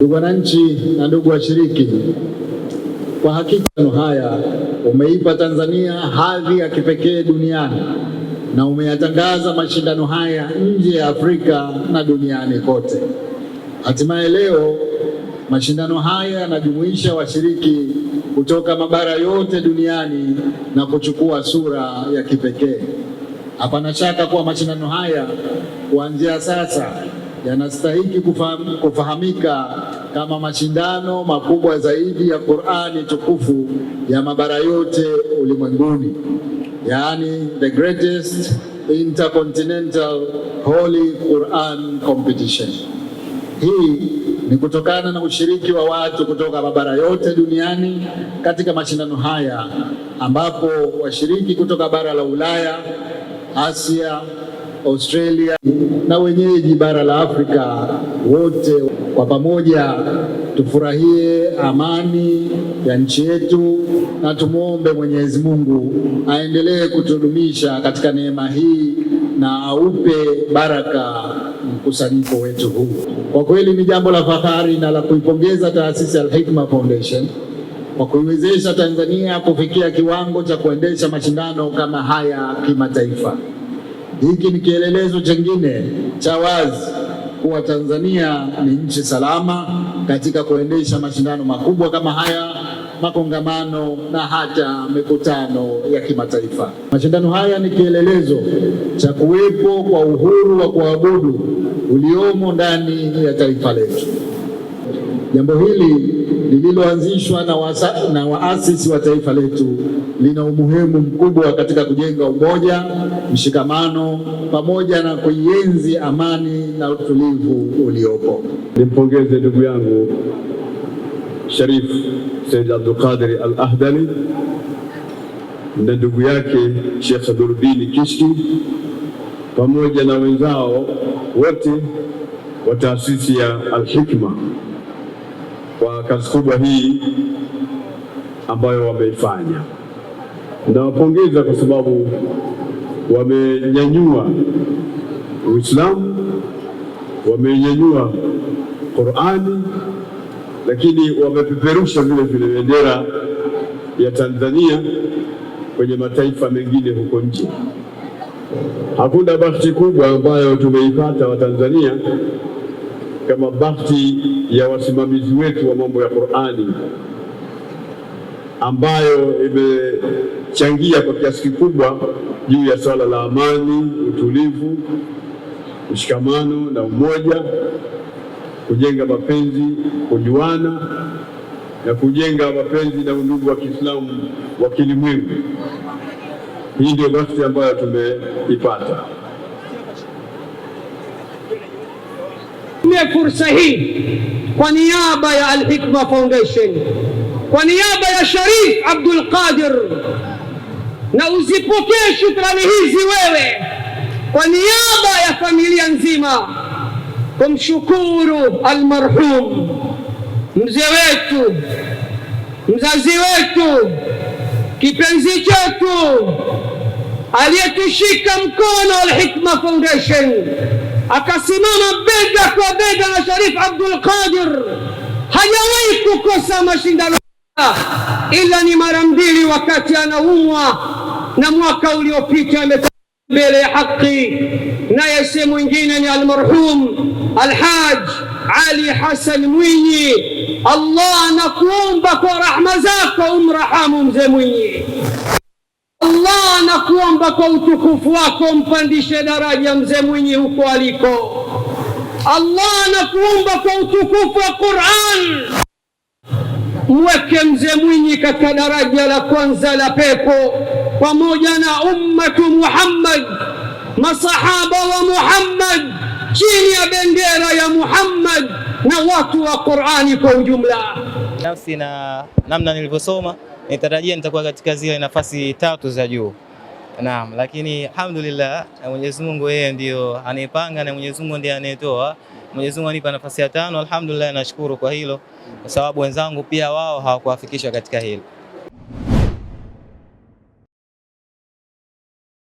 Ndugu wananchi na ndugu washiriki, kwa hakika haya umeipa Tanzania hadhi ya kipekee duniani na umeyatangaza mashindano haya nje ya Afrika na duniani kote. Hatimaye leo mashindano haya yanajumuisha washiriki kutoka mabara yote duniani na kuchukua sura ya kipekee. Hapana shaka kuwa mashindano haya kuanzia sasa yanastahiki kufahamika kama mashindano makubwa zaidi ya Qur'ani tukufu ya mabara yote ulimwenguni, yaani the greatest intercontinental holy Quran competition. Hii ni kutokana na ushiriki wa watu kutoka mabara yote duniani katika mashindano haya, ambapo washiriki kutoka bara la Ulaya, Asia, Australia na wenyeji bara la Afrika wote kwa pamoja tufurahie amani ya nchi yetu na tumwombe Mwenyezi Mungu aendelee kutudumisha katika neema hii na aupe baraka mkusanyiko wetu huu. Kwa kweli ni jambo la fahari na la kuipongeza taasisi ya Al-Hikma Foundation kwa kuiwezesha Tanzania kufikia kiwango cha kuendesha mashindano kama haya kimataifa. Hiki ni kielelezo chengine cha wazi kuwa Tanzania ni nchi salama katika kuendesha mashindano makubwa kama haya, makongamano na hata mikutano ya kimataifa. Mashindano haya ni kielelezo cha kuwepo kwa uhuru wa kuabudu uliomo ndani ya taifa letu. Jambo hili lililoanzishwa na, na waasisi wa taifa letu lina umuhimu mkubwa katika kujenga umoja, mshikamano pamoja na kuienzi amani na utulivu uliopo. Nimpongeze ndugu yangu Sharif Said Qadir Al-Ahdali na ndugu yake Sheikh Durbini Kishki pamoja na wenzao wote wa taasisi ya Al-Hikma kwa kazi kubwa hii ambayo wameifanya. Nawapongeza kwa sababu wamenyanyua Uislamu, wamenyanyua Qurani, lakini wamepeperusha vile vile bendera ya Tanzania kwenye mataifa mengine huko nje. Hakuna bahati kubwa ambayo tumeipata Watanzania kama bahati ya wasimamizi wetu wa mambo ya Qur'ani ambayo imechangia kwa kiasi kikubwa juu ya swala la amani, utulivu, mshikamano na umoja, kujenga mapenzi, kujuana na kujenga mapenzi na undugu wa Kiislamu wa kilimwengu. Hii ndio bahati ambayo tumeipata. nitumie fursa hii kwa niaba ya al Foundation, kwa niaba ya Sharif Abdul Qadir, na uzipokee shukrani hizi wewe kwa niaba ya familia nzima, kumshukuru almarhum mzee wetu, mzazi wetu, kipenzi chetu, aliyetushika mkono alhikma Foundation akasimama bega kwa bega na Sharif Abdul Qadir. Hajawahi kukosa mashindano ila ni mara mbili, wakati anaumwa na mwaka uliopita ametoka mbele ya haki. Naye si mwingine ni almarhum Alhaj Ali Hasan Mwinyi. Allah anakuomba kwa rahma zako umrahamu mzee Mwinyi, Allah anaku kwamba kwa utukufu wako mpandishe daraja mzee Mwinyi huko aliko. Allah anakuomba kwa utukufu wa Qur'an, mweke mzee Mwinyi katika daraja la kwanza la pepo pamoja na ummatu Muhammad, masahaba wa Muhammad, chini ya bendera ya Muhammad na watu wa Qur'ani kwa ujumla. Nafsi na namna nilivyosoma nitarajia nitakuwa katika zile nafasi tatu za juu. Naam, lakini alhamdulillah, Mwenyezi Mungu yeye ndio anayepanga na Mwenyezi Mungu ndiye anayetoa. Mwenyezi Mungu anipa nafasi ya tano, alhamdulillah, nashukuru kwa hilo, kwa sababu wenzangu pia wao hawakuwafikishwa katika hilo.